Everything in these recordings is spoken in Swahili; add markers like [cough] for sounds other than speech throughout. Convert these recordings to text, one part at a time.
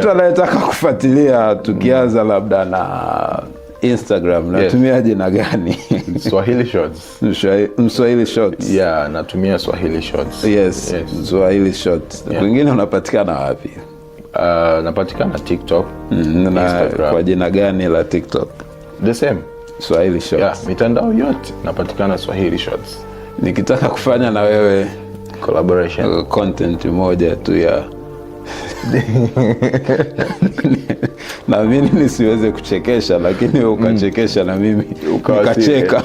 Mtu anayetaka kufuatilia tukianza labda na Instagram natumia yes. jina gani? Swahili Shorts. Mswahili Shorts. Yeah, natumia Swahili Shorts. Yes, yes. Swahili Shorts. Kwingine unapatikana wapi? Uh, napatikana TikTok. Mm, na Instagram. Kwa jina gani la TikTok? The same. Swahili Shorts. Yeah, mitandao yote napatikana Swahili Shorts. Nikitaka kufanya na wewe collaboration, content moja tu ya na mimi nisiweze kuchekesha, lakini ukachekesha na mimi ukacheka,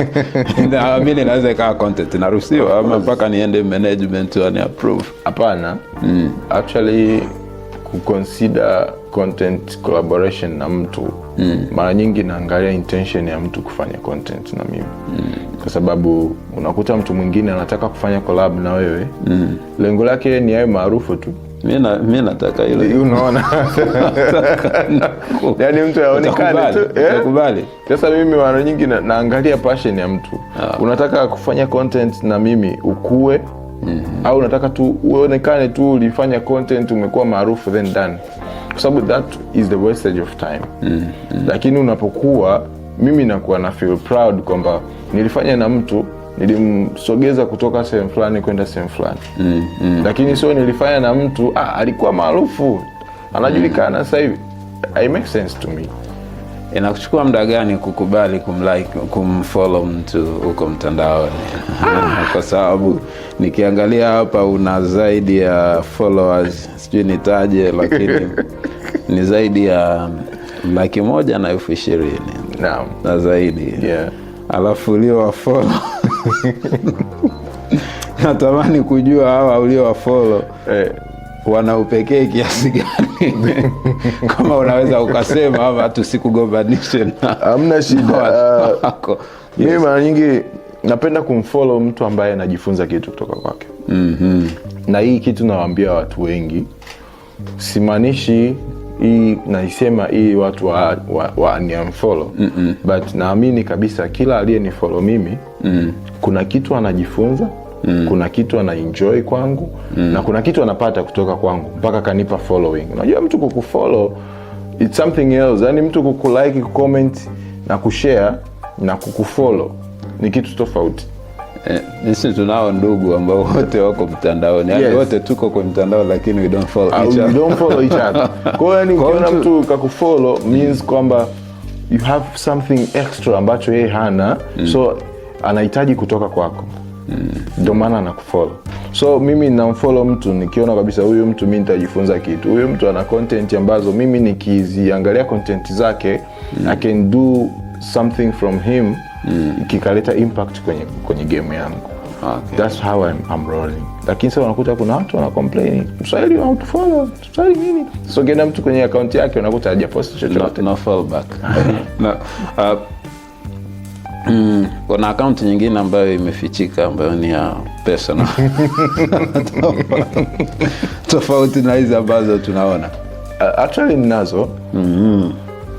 [laughs] na mimi naweza ikawa content naruhusiwa, ama mpaka niende management wani approve? Hapana, mm. actually kuconsider content collaboration na mtu mm. mara nyingi naangalia intention ya mtu kufanya content na mimi mm. kwa sababu unakuta mtu mwingine anataka kufanya collab na wewe mm. lengo lake ni awe maarufu tu Mi nataka hilo, unaona, yaani mtu aonekane eh? Sasa mimi mara nyingi naangalia pashen ya mtu. Ah. Unataka kufanya content na mimi ukue Mm -hmm. Au unataka tu uonekane tu ulifanya content umekuwa maarufu then done, kwa sababu that is the wastage of time. mm -hmm. Lakini unapokuwa, mimi nakuwa na feel proud kwamba nilifanya na mtu nilimsogeza kutoka sehemu fulani kwenda sehemu fulani mm, mm. Lakini sio nilifanya na mtu ah, alikuwa maarufu anajulikana mm. Sasa hivi sense to me. Inakuchukua muda gani kukubali kumlike kumfollow mtu huko mtandaoni? Ah. [laughs] Kwa sababu nikiangalia hapa una zaidi ya followers sijui nitaje, lakini [laughs] ni zaidi ya laki moja na elfu ishirini na zaidi yeah. Alafu uliowafollow [laughs] natamani kujua hawa uliowafolo eh, wana upekee kiasi gani [laughs] kama unaweza ukasema ama tusikugombanishe hamna shida uh, wako. Uh, yes. mara nyingi napenda kumfolo mtu ambaye anajifunza kitu kutoka kwake mm -hmm. Na hii kitu nawaambia watu wengi, simaanishi hii naisema hii watu wa, wa, wa ni amfolo mm -mm. But naamini kabisa kila aliye folo mimi mm. kuna kitu anajifunza mm. kuna kitu anaenjoy kwangu mm. na kuna kitu anapata kutoka kwangu mpaka kanipa following. Unajua mtu kukufolo it's something else, yani mtu kukulike, kucomment na kushare na kukufolo ni kitu tofauti. Eh, sisi tunao ndugu ambao wote wako mtandaoni, yani wote tuko kwenye mtandao, lakini we don't follow ah, each other, we don't follow each other. [laughs] Kwa hiyo yani ukiona mtu kakufollow means kwamba you have something extra ambacho yeye hana mm. so anahitaji kutoka kwako mm. ndio mm. maana anakufollow. So mimi namfollow mtu nikiona kabisa huyu mtu mi nitajifunza kitu, huyu mtu ana content ambazo mimi nikiziangalia content zake mm. I can do something from him mm. kikaleta impact kwenye, kwenye game yangu okay. That's how I'm, I'm rolling, lakini sasa unakuta kuna watu wana complain Mswahili unatufollow Mswahili nini, so ukienda mtu kwenye akaunti yake unakuta hajapost chochote no, no back [laughs] no, uh, Mm, kuna akaunti nyingine ambayo imefichika ambayo ni ya personal [laughs] tofauti na hizi ambazo tunaona uh, actually ninazo mm -hmm.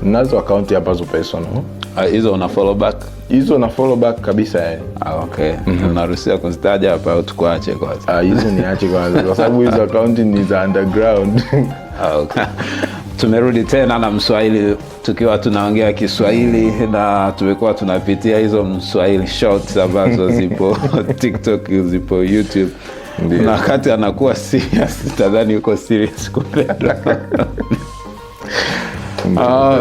Ninazo akaunti ambazo personal uh, hizo uh, una follow back hizo na follow back kabisa yani. Ah, okay. mm -hmm. Unaruhusiwa kuzitaja hapa au tukuache kwanza? Ah, hizo niache kwanza kwa sababu hizo account ni za underground. Ah, okay. Tumerudi tena na Mswahili tukiwa tunaongea Kiswahili na tumekuwa tunapitia hizo Mswahili shorts ambazo [laughs] zipo TikTok, zipo YouTube Ndiyo. na wakati anakuwa serious, tadhani yuko serious kumbe ah,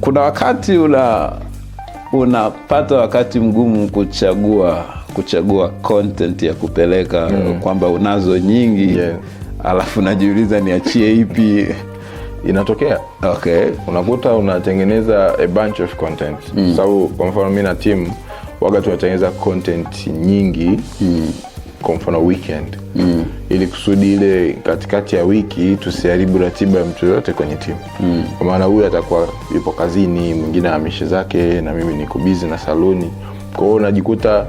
kuna wakati una unapata wakati mgumu kuchagua kuchagua content ya kupeleka mm. kwamba unazo nyingi yeah. Alafu najiuliza niachie ipi? Inatokea okay, unakuta unatengeneza a bunch of content mm. Sababu kwa mfano mi na timu waga tunatengeneza content nyingi mm kwa mfano weekend mm. ili kusudi ile katikati ya wiki tusiharibu ratiba ya mtu yoyote kwenye timu mm. kwa maana huyu atakuwa yupo kazini, mwingine amishe zake, na mimi niko bizi na saluni. Kwa hiyo unajikuta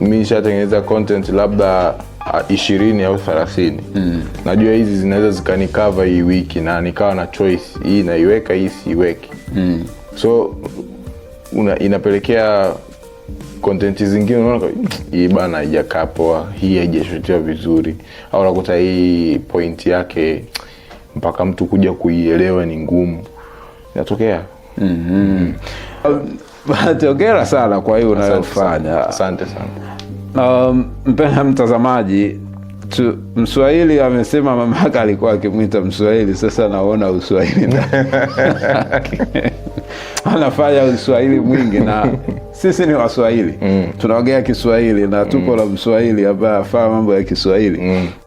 mi nishatengeneza content labda ah, ishirini au thelathini mm. najua hizi zinaweza zikanikava hii wiki na nikawa na choice hii naiweka hii siiweki mm. so una, inapelekea kontenti zingine unaona hii bana haijakaa poa, hii haijashutiwa vizuri, au unakuta hii pointi yake mpaka mtu kuja kuielewa ni ngumu. Inatokea mm -hmm. [laughs] sana kwa hiyo unayofanya, asante sana um, mtazamaji tu, Mswahili amesema mamaka alikuwa akimwita Mswahili. Sasa naona uswahili [laughs] [laughs] anafanya uswahili mwingi na [laughs] sisi ni Waswahili mm. tunaongea Kiswahili na tuko mm. la Mswahili ambaye afaa mambo ya Kiswahili mm.